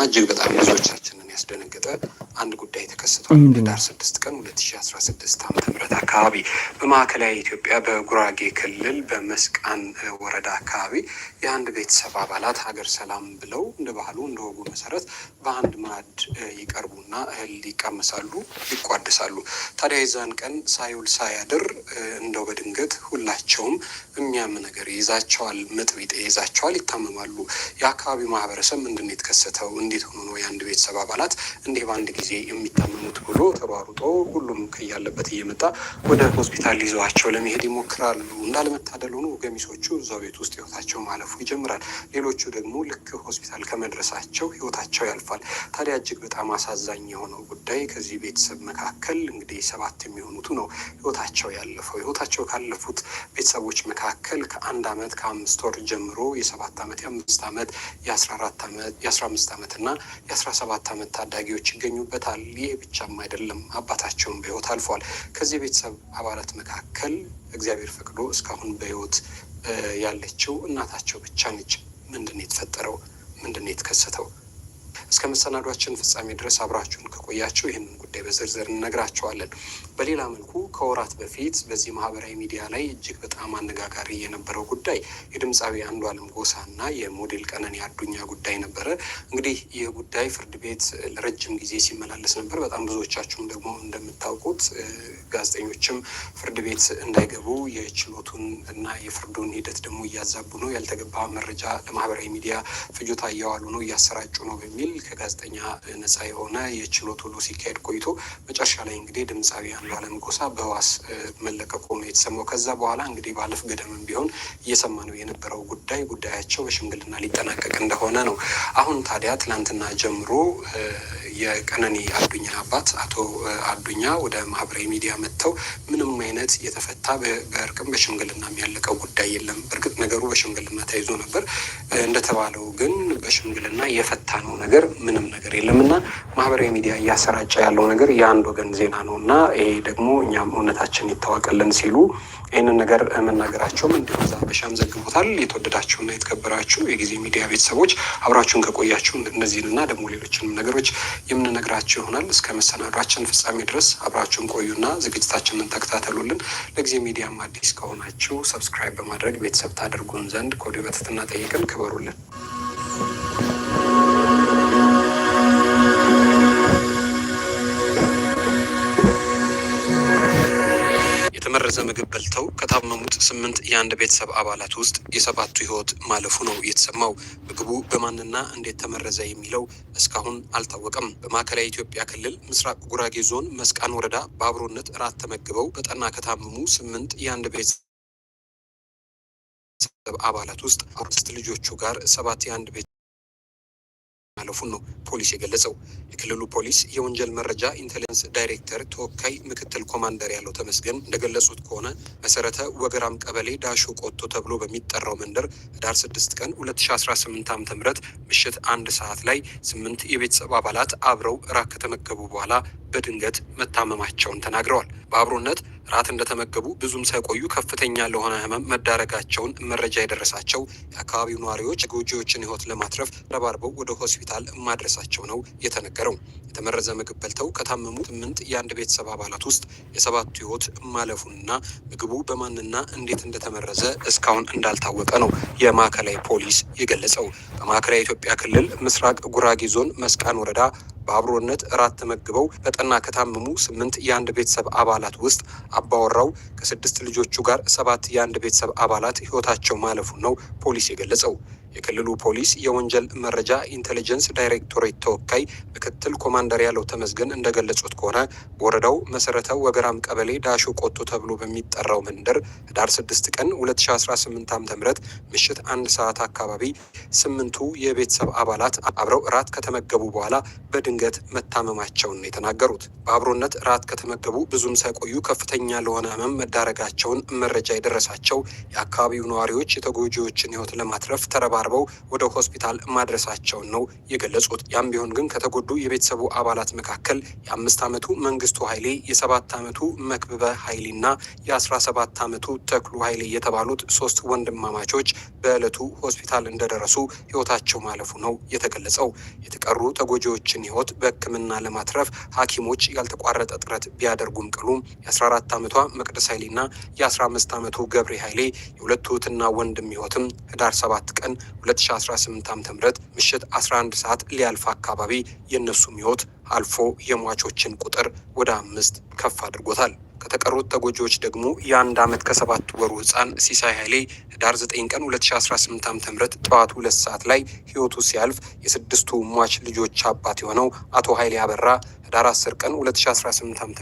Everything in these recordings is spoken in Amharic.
እና እጅግ በጣም ብዙዎች ያስደነገጠ አንድ ጉዳይ ተከስቷል። ህዳር ስድስት ቀን ሁለት ሺ አስራ ስድስት ዓመተ ምህረት አካባቢ በማዕከላዊ ኢትዮጵያ በጉራጌ ክልል በመስቃን ወረዳ አካባቢ የአንድ ቤተሰብ አባላት ሀገር ሰላም ብለው እንደ ባህሉ እንደ ወጉ መሰረት በአንድ ማዕድ ይቀርቡና እህል ይቀምሳሉ፣ ይቋደሳሉ። ታዲያ የዛን ቀን ሳይውል ሳያድር እንደው በድንገት ሁላቸውም የሚያም ነገር ይይዛቸዋል፣ ምጥ ቢጤ ይይዛቸዋል፣ ይታመማሉ። የአካባቢው ማህበረሰብ ምንድን ነው የተከሰተው? እንዴት ሆኖ ነው የአንድ ቤተሰብ አባላት እንዲህ በአንድ ጊዜ የሚታመሙት ብሎ ተሯሩጦ ሁሉም ከያለበት እየመጣ ወደ ሆስፒታል ይዘዋቸው ለመሄድ ይሞክራሉ። እንዳለመታደል ሆኖ ገሚሶቹ እዛው ቤት ውስጥ ህይወታቸው ማለፉ ይጀምራል። ሌሎቹ ደግሞ ልክ ሆስፒታል ከመድረሳቸው ህይወታቸው ያልፋል። ታዲያ እጅግ በጣም አሳዛኝ የሆነው ጉዳይ ከዚህ ቤተሰብ መካከል እንግዲህ ሰባት የሚሆኑቱ ነው ህይወታቸው ያለፈው። ህይወታቸው ካለፉት ቤተሰቦች መካከል ከአንድ አመት ከአምስት ወር ጀምሮ የሰባት አመት የአምስት አመት የአስራ አራት አመት የአስራ አምስት አመት እና የአስራ ሰባት አመት ታዳጊዎች ይገኙበታል። ይህ ብቻም አይደለም፣ አባታቸውን በህይወት አልፏል። ከዚህ ቤተሰብ አባላት መካከል እግዚአብሔር ፈቅዶ እስካሁን በህይወት ያለችው እናታቸው ብቻ ነች። ምንድን ነው የተፈጠረው? ምንድን ነው የተከሰተው? እስከ መሰናዷችን ፍጻሜ ድረስ አብራችሁን ከቆያችሁ ይህንን ጉዳይ በዝርዝር እንነግራቸዋለን። በሌላ መልኩ ከወራት በፊት በዚህ ማህበራዊ ሚዲያ ላይ እጅግ በጣም አነጋጋሪ የነበረው ጉዳይ የድምፃዊ አንዷለም እና የሞዴል ቀነኒ አዱኛ ጉዳይ ነበረ። እንግዲህ ይህ ጉዳይ ፍርድ ቤት ለረጅም ጊዜ ሲመላለስ ነበር። በጣም ብዙዎቻችሁም ደግሞ እንደምታውቁት ጋዜጠኞችም ፍርድ ቤት እንዳይገቡ የችሎቱን እና የፍርዱን ሂደት ደግሞ እያዛቡ ነው፣ ያልተገባ መረጃ ለማህበራዊ ሚዲያ ፍጆታ እያዋሉ ነው፣ እያሰራጩ ነው በሚል ከጋዜጠኛ ነጻ የሆነ የችሎት ሁሉ ሲካሄድ ቆይቶ መጨረሻ ላይ እንግዲህ ድምፃዊ አንዱዓለም ጎሳ በዋስ መለቀቁ ነው የተሰማው። ከዛ በኋላ እንግዲህ ባለፍ ገደምም ቢሆን እየሰማ ነው የነበረው ጉዳይ ጉዳያቸው በሽምግልና ሊጠናቀቅ እንደሆነ ነው። አሁን ታዲያ ትናንትና ጀምሮ የቀነኒ አዱኛ አባት አቶ አዱኛ ወደ ማህበራዊ ሚዲያ መጥተው ምንም አይነት የተፈታ በእርቅም በሽምግልና የሚያለቀው ጉዳይ የለም። በእርግጥ ነገሩ በሽምግልና ተይዞ ነበር እንደተባለው ግን በሽምግልና የፈታ ነው ነገር የሚዘግብ ምንም ነገር የለም እና ማህበራዊ ሚዲያ እያሰራጨ ያለው ነገር የአንድ ወገን ዜና ነው እና ይሄ ደግሞ እኛም እውነታችን ይታወቅልን ሲሉ ይህንን ነገር መናገራቸውም እንዲሁ በሻም ዘግቦታል። የተወደዳችሁና የተከበራችሁ የጊዜ ሚዲያ ቤተሰቦች አብራችሁን ከቆያችሁ እነዚህንና ደግሞ ሌሎችንም ነገሮች የምንነግራችሁ ይሆናል። እስከ መሰናዷችን ፍጻሜ ድረስ አብራችሁን ቆዩና ዝግጅታችንን ተከታተሉልን። ለጊዜ ሚዲያም አዲስ ከሆናችሁ ሰብስክራይብ በማድረግ ቤተሰብ ታደርጉን ዘንድ ከወዲሁ በትህትና ጠይቅን። ክበሩልን። የተመረዘ ምግብ በልተው ከታመሙት ስምንት የአንድ ቤተሰብ አባላት ውስጥ የሰባቱ ህይወት ማለፉ ነው የተሰማው። ምግቡ በማንና እንዴት ተመረዘ የሚለው እስካሁን አልታወቀም። በማዕከላዊ ኢትዮጵያ ክልል ምስራቅ ጉራጌ ዞን መስቃን ወረዳ በአብሮነት እራት ተመግበው በጠና ከታመሙ ስምንት የአንድ ቤተሰብ አባላት ውስጥ አምስት ልጆቹ ጋር ሰባት የአንድ ቤት ማለፉን ነው ፖሊስ የገለጸው። የክልሉ ፖሊስ የወንጀል መረጃ ኢንቴሊጀንስ ዳይሬክተር ተወካይ ምክትል ኮማንደር ያለው ተመስገን እንደገለጹት ከሆነ መሰረተ ወገራም ቀበሌ ዳሾ ቆቶ ተብሎ በሚጠራው መንደር ህዳር 6 ቀን 2018 ዓ.ም ምሽት አንድ ሰዓት ላይ ስምንት የቤተሰብ አባላት አብረው እራት ከተመገቡ በኋላ በድንገት መታመማቸውን ተናግረዋል። በአብሮነት ራት እንደተመገቡ ብዙም ሳይቆዩ ከፍተኛ ለሆነ ህመም መዳረጋቸውን መረጃ የደረሳቸው የአካባቢው ነዋሪዎች ጎጂዎችን ህይወት ለማትረፍ ረባርበው ወደ ሆስፒታል ሆስፒታል ማድረሳቸው ነው የተነገረው። የተመረዘ ምግብ በልተው ከታመሙ ስምንት የአንድ ቤተሰብ አባላት ውስጥ የሰባቱ ህይወት ማለፉንና ምግቡ በማንና እንዴት እንደተመረዘ እስካሁን እንዳልታወቀ ነው የማዕከላዊ ፖሊስ የገለጸው። በማዕከላዊ ኢትዮጵያ ክልል ምስራቅ ጉራጌ ዞን መስቃን ወረዳ በአብሮነት እራት ተመግበው በጠና ከታመሙ ስምንት የአንድ ቤተሰብ አባላት ውስጥ አባወራው ከስድስት ልጆቹ ጋር ሰባት የአንድ ቤተሰብ አባላት ህይወታቸው ማለፉን ነው ፖሊስ የገለጸው። የክልሉ ፖሊስ የወንጀል መረጃ ኢንቴሊጀንስ ዳይሬክቶሬት ተወካይ ምክትል ኮማንደር ያለው ተመስገን እንደገለጹት ከሆነ ወረዳው መሰረተ ወገራም ቀበሌ ዳሾ ቆጡ ተብሎ በሚጠራው መንደር ህዳር 6 ቀን 2018 ዓ ም ምሽት አንድ ሰዓት አካባቢ ስምንቱ የቤተሰብ አባላት አብረው እራት ከተመገቡ በኋላ በድንገት መታመማቸውን ነው የተናገሩት። በአብሮነት እራት ከተመገቡ ብዙም ሳይቆዩ ከፍተኛ ለሆነ ህመም መዳረጋቸውን መረጃ የደረሳቸው የአካባቢው ነዋሪዎች የተጎጂዎችን ህይወት ለማትረፍ ተረባ ተረባርበው ወደ ሆስፒታል ማድረሳቸውን ነው የገለጹት። ያም ቢሆን ግን ከተጎዱ የቤተሰቡ አባላት መካከል የአምስት ዓመቱ መንግስቱ ኃይሌ፣ የሰባት ዓመቱ መክብበ ኃይሌና የአስራ ሰባት ዓመቱ ተክሉ ኃይሌ የተባሉት ሶስት ወንድማማቾች በዕለቱ ሆስፒታል እንደደረሱ ህይወታቸው ማለፉ ነው የተገለጸው። የተቀሩ ተጎጂዎችን ህይወት በህክምና ለማትረፍ ሐኪሞች ያልተቋረጠ ጥረት ቢያደርጉም ቅሉ የ14 ዓመቷ መቅደስ ኃይሌና የ15 ዓመቱ ገብሬ ኃይሌ የሁለቱ እህትና ወንድም ህይወትም ህዳር 7 ቀን 2018 ዓ ም ምሽት 11 ሰዓት ሊያልፍ አካባቢ የእነሱም ህይወት አልፎ የሟቾችን ቁጥር ወደ አምስት ከፍ አድርጎታል። ከተቀሩት ተጎጂዎች ደግሞ የአንድ ዓመት ከሰባት ወሩ ህፃን ሲሳይ ኃይሌ ህዳር 9 ቀን 2018 ዓ.ም ጠዋት ሁለት ሰዓት ላይ ህይወቱ ሲያልፍ የስድስቱ ሟች ልጆች አባት የሆነው አቶ ኃይሌ አበራ ህዳር 10 ቀን 2018 ዓ.ም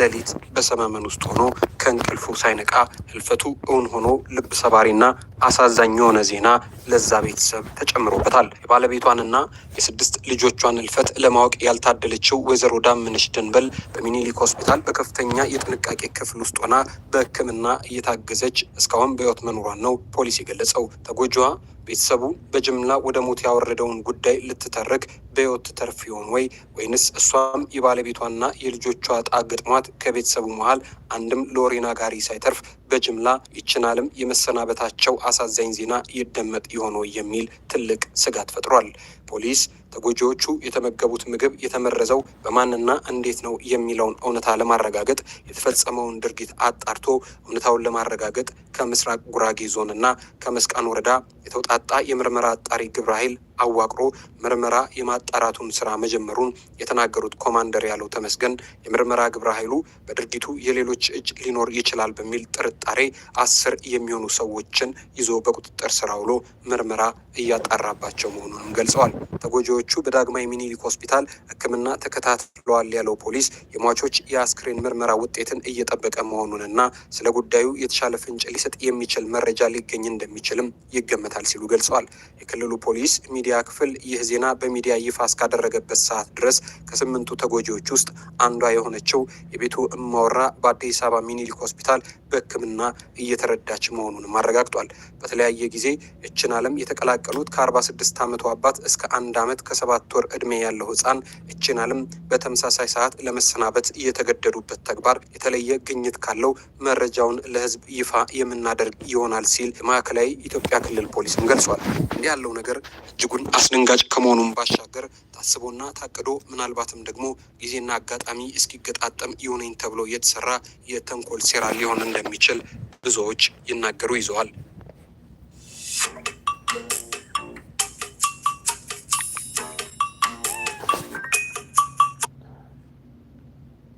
ሌሊት በሰመመን ውስጥ ሆኖ ከእንቅልፉ ሳይነቃ ህልፈቱ እውን ሆኖ ልብ ሰባሪና አሳዛኝ የሆነ ዜና ለዛ ቤተሰብ ተጨምሮበታል። የባለቤቷንና የስድስት ልጆቿን ህልፈት ለማወቅ ያልታደለችው ወይዘሮ ዳምንሽ ደንበል በሚኒሊክ ሆስፒታል በከፍተኛ የጥንቃቄ ክፍል ውስጥ ሆና በህክምና እየታገዘች እስካሁን በህይወት መኖሯን ነው ፖሊስ የገለጸው። ተጎጂዋ ቤተሰቡ በጅምላ ወደ ሞት ያወረደውን ጉዳይ ልትተርክ በህይወት ትተርፍ ይሆን ወይ? ወይንስ እሷም የባለቤቷና የልጆቿ ዕጣ ገጥሟት ከቤተሰቡ መሀል አንድም ለወሬ ጋሪ ሳይተርፍ በጅምላ ይችን የመሰናበታቸው አሳዛኝ ዜና ይደመጥ ይሆን የሚል ትልቅ ስጋት ፈጥሯል። ፖሊስ ተጎጂዎቹ የተመገቡት ምግብ የተመረዘው በማንና እንዴት ነው የሚለውን እውነታ ለማረጋገጥ የተፈጸመውን ድርጊት አጣርቶ እውነታውን ለማረጋገጥ ከምስራቅ ጉራጌ ዞንና ከመስቃን ወረዳ የተውጣጣ የምርመራ አጣሪ ግብረ ኃይል አዋቅሮ ምርመራ የማጣራቱን ስራ መጀመሩን የተናገሩት ኮማንደር ያለው ተመስገን የምርመራ ግብረ ኃይሉ በድርጊቱ የሌሎች እጅ ሊኖር ይችላል በሚል ጥርጣሬ አስር የሚሆኑ ሰዎችን ይዞ በቁጥጥር ስር አውሎ ምርመራ እያጣራባቸው መሆኑንም ገልጸዋል። ተጎጂዎቹ በዳግማዊ የሚኒሊክ ሆስፒታል ሕክምና ተከታትለዋል ያለው ፖሊስ የሟቾች የአስክሬን ምርመራ ውጤትን እየጠበቀ መሆኑንና ስለ ጉዳዩ የተሻለ ፍንጭ ሊሰጥ የሚችል መረጃ ሊገኝ እንደሚችልም ይገመታል ሲሉ ገልጸዋል። የክልሉ ፖሊስ ሚዲ የሚዲያ ክፍል ይህ ዜና በሚዲያ ይፋ እስካደረገበት ሰዓት ድረስ ከስምንቱ ተጎጂዎች ውስጥ አንዷ የሆነችው የቤቱ እማወራ በአዲስ አበባ ሚኒሊክ ሆስፒታል በሕክምና እየተረዳች መሆኑንም አረጋግጧል። በተለያየ ጊዜ እችን ዓለም የተቀላቀሉት ከ46 ዓመቱ አባት እስከ አንድ ዓመት ከሰባት ወር ዕድሜ ያለው ህፃን እችን ዓለም በተመሳሳይ ሰዓት ለመሰናበት የተገደዱበት ተግባር የተለየ ግኝት ካለው መረጃውን ለህዝብ ይፋ የምናደርግ ይሆናል ሲል የማዕከላዊ ኢትዮጵያ ክልል ፖሊስም ገልጿል። እንዲህ ያለው ነገር እጅጉ በኩል አስደንጋጭ ከመሆኑም ባሻገር ታስቦና ታቅዶ ምናልባትም ደግሞ ጊዜና አጋጣሚ እስኪገጣጠም ይሆነኝ ተብሎ የተሰራ የተንኮል ሴራ ሊሆን እንደሚችል ብዙዎች ይናገሩ ይዘዋል።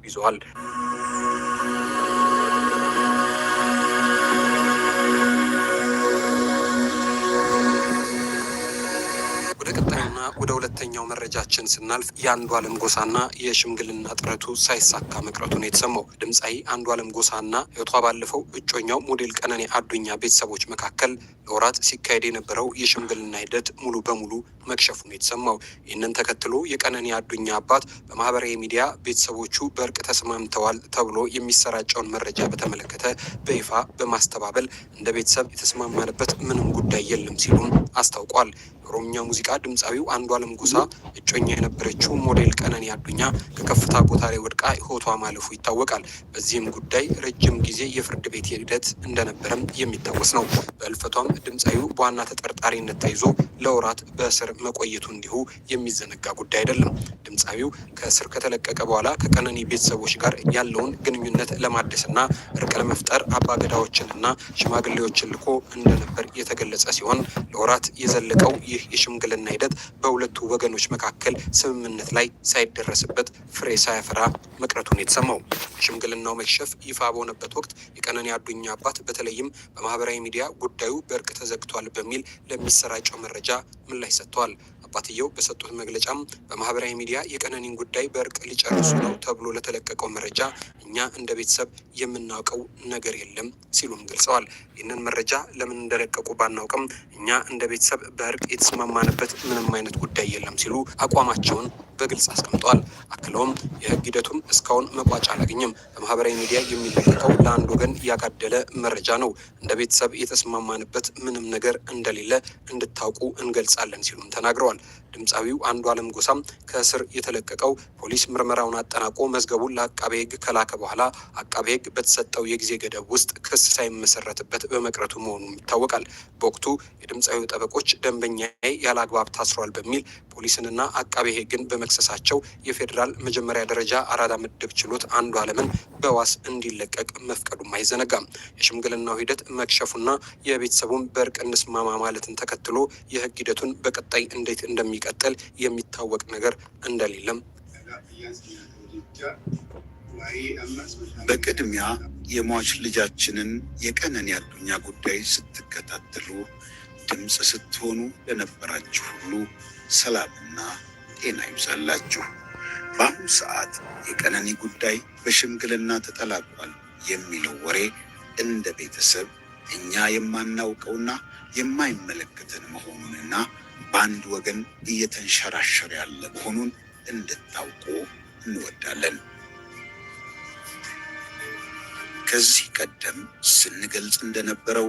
ይዘዋል ወደ ሁለተኛው መረጃችን ስናልፍ የአንዱ አለም ጎሳና የሽምግልና ጥረቱ ሳይሳካ መቅረቱ ነው የተሰማው። ድምፃዊ አንዱ አለም ጎሳና ህይወቷ ባለፈው እጮኛው ሞዴል ቀነኔ አዱኛ ቤተሰቦች መካከል ለወራት ሲካሄድ የነበረው የሽምግልና ሂደት ሙሉ በሙሉ መክሸፉ ነው የተሰማው። ይህንን ተከትሎ የቀነኔ አዱኛ አባት በማህበራዊ ሚዲያ ቤተሰቦቹ በእርቅ ተስማምተዋል ተብሎ የሚሰራጨውን መረጃ በተመለከተ በይፋ በማስተባበል እንደ ቤተሰብ የተስማማንበት ምንም ጉዳይ የለም ሲሉም አስታውቋል። የኦሮምኛ ሙዚቃ ድምፃዊው አንዷለም ጎሳ እጮኛ የነበረችው ሞዴል ቀነኒ አዱኛ ከከፍታ ቦታ ላይ ወድቃ ህይወቷ ማለፉ ይታወቃል። በዚህም ጉዳይ ረጅም ጊዜ የፍርድ ቤት ሂደት እንደነበረም የሚታወስ ነው። በእልፈቷም ድምፃዊው በዋና ተጠርጣሪነት ተይዞ ለወራት በእስር መቆየቱ እንዲሁ የሚዘነጋ ጉዳይ አይደለም። ድምፃዊው ከእስር ከተለቀቀ በኋላ ከቀነኒ ቤተሰቦች ጋር ያለውን ግንኙነት ለማደስና እርቅ ለመፍጠር አባገዳዎችንና ሽማግሌዎችን ልኮ እንደነበር የተገለጸ ሲሆን ለወራት የዘለቀው ይህ ይህ የሽምግልና ሂደት በሁለቱ ወገኖች መካከል ስምምነት ላይ ሳይደረስበት ፍሬ ሳያፈራ መቅረቱን የተሰማው ሽምግልናው መክሸፍ ይፋ በሆነበት ወቅት የቀነኒ አዱኛ አባት በተለይም በማህበራዊ ሚዲያ ጉዳዩ በእርቅ ተዘግቷል በሚል ለሚሰራጨው መረጃ ምላሽ ሰጥተዋል። አባትየው በሰጡት መግለጫም በማህበራዊ ሚዲያ የቀነኒን ጉዳይ በእርቅ ሊጨርሱ ነው ተብሎ ለተለቀቀው መረጃ እኛ እንደ ቤተሰብ የምናውቀው ነገር የለም ሲሉም ገልጸዋል። ይህንን መረጃ ለምን እንደለቀቁ ባናውቅም እኛ እንደ ቤተሰብ በእርቅ የተስማማንበት ምንም አይነት ጉዳይ የለም ሲሉ አቋማቸውን በግልጽ አስቀምጠዋል። አክለውም የህግ ሂደቱም እስካሁን መቋጫ አላገኘም። በማህበራዊ ሚዲያ የሚለቀቀው ለአንድ ወገን ያጋደለ መረጃ ነው። እንደ ቤተሰብ የተስማማንበት ምንም ነገር እንደሌለ እንድታውቁ እንገልጻለን ሲሉም ተናግረዋል። ድምፃዊው አንዱ አለም ጎሳም ከእስር የተለቀቀው ፖሊስ ምርመራውን አጠናቆ መዝገቡን ለአቃቤ ህግ ከላከ በኋላ አቃቤ ህግ በተሰጠው የጊዜ ገደብ ውስጥ ክስ ሳይመሰረትበት በመቅረቱ መሆኑም ይታወቃል። በወቅቱ ድምፃዊ ጠበቆች ደንበኛዬ ያለ አግባብ ታስሯል በሚል ፖሊስንና አቃቤ ሕግን በመክሰሳቸው የፌዴራል መጀመሪያ ደረጃ አራዳ ምድብ ችሎት አንዱ አለምን በዋስ እንዲለቀቅ መፍቀዱም አይዘነጋም። የሽምግልናው ሂደት መክሸፉና የቤተሰቡን በእርቅ እንስማማ ማለትን ተከትሎ የህግ ሂደቱን በቀጣይ እንዴት እንደሚቀጥል የሚታወቅ ነገር እንደሌለም በቅድሚያ የሟች ልጃችንን የቀነኒ አዱኛ ጉዳይ ስትከታተሉ ድምፅ ስትሆኑ ለነበራችሁ ሁሉ ሰላምና ጤና ይብዛላችሁ። በአሁኑ ሰዓት የቀነኒ ጉዳይ በሽምግልና ተጠላቋል የሚለው ወሬ እንደ ቤተሰብ እኛ የማናውቀውና የማይመለከተን መሆኑንና በአንድ ወገን እየተንሸራሸረ ያለ መሆኑን እንድታውቁ እንወዳለን። ከዚህ ቀደም ስንገልጽ እንደነበረው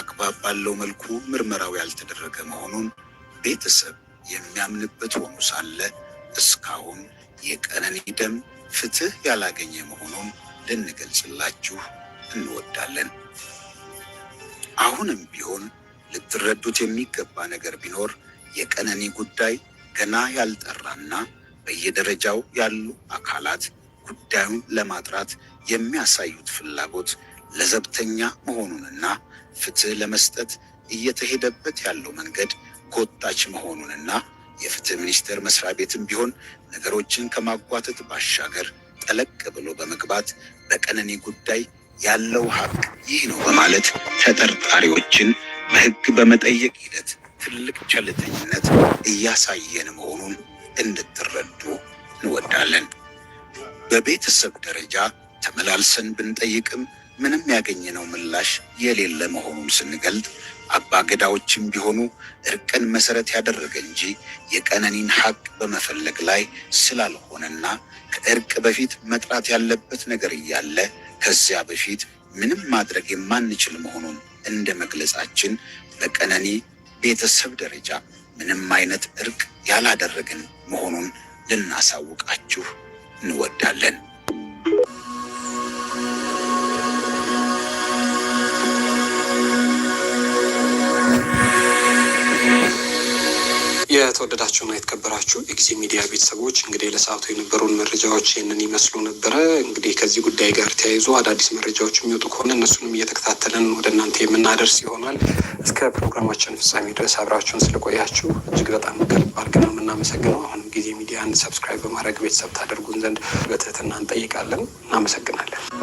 አግባብ ባለው መልኩ ምርመራው ያልተደረገ መሆኑን ቤተሰብ የሚያምንበት ሆኖ ሳለ እስካሁን የቀነኒ ደም ፍትህ ያላገኘ መሆኑን ልንገልጽላችሁ እንወዳለን። አሁንም ቢሆን ልትረዱት የሚገባ ነገር ቢኖር የቀነኒ ጉዳይ ገና ያልጠራና በየደረጃው ያሉ አካላት ጉዳዩን ለማጥራት የሚያሳዩት ፍላጎት ለዘብተኛ መሆኑንና ፍትህ ለመስጠት እየተሄደበት ያለው መንገድ ጎታች መሆኑንና የፍትህ ሚኒስቴር መስሪያ ቤትም ቢሆን ነገሮችን ከማጓተት ባሻገር ጠለቅ ብሎ በመግባት በቀነኒ ጉዳይ ያለው ሀቅ ይህ ነው በማለት ተጠርጣሪዎችን በህግ በመጠየቅ ሂደት ትልቅ ቸልተኝነት እያሳየን መሆኑን እንድትረዱ እንወዳለን። በቤተሰብ ደረጃ ተመላልሰን ብንጠይቅም ምንም ያገኘነው ምላሽ የሌለ መሆኑን ስንገልጥ አባገዳዎችም ቢሆኑ እርቅን መሰረት ያደረገ እንጂ የቀነኒን ሀቅ በመፈለግ ላይ ስላልሆነና ከእርቅ በፊት መጥራት ያለበት ነገር እያለ ከዚያ በፊት ምንም ማድረግ የማንችል መሆኑን እንደ መግለጻችን በቀነኒ ቤተሰብ ደረጃ ምንም አይነት እርቅ ያላደረግን መሆኑን ልናሳውቃችሁ እንወዳለን። የተወደዳችሁና የተከበራችሁ የጊዜ ሚዲያ ቤተሰቦች እንግዲህ ለሰዓቱ የነበሩን መረጃዎች ይህንን ይመስሉ ነበረ። እንግዲህ ከዚህ ጉዳይ ጋር ተያይዞ አዳዲስ መረጃዎች የሚወጡ ከሆነ እነሱንም እየተከታተለን ወደ እናንተ የምናደርስ ይሆናል። እስከ ፕሮግራማችን ፍጻሜ ድረስ አብራችሁን ስለቆያችሁ እጅግ በጣም ከልብ አድርገን ነው የምናመሰግነው። አሁንም ጊዜ ሚዲያን ሰብስክራይብ በማድረግ ቤተሰብ ታደርጉን ዘንድ በትህትና እንጠይቃለን። እናመሰግናለን።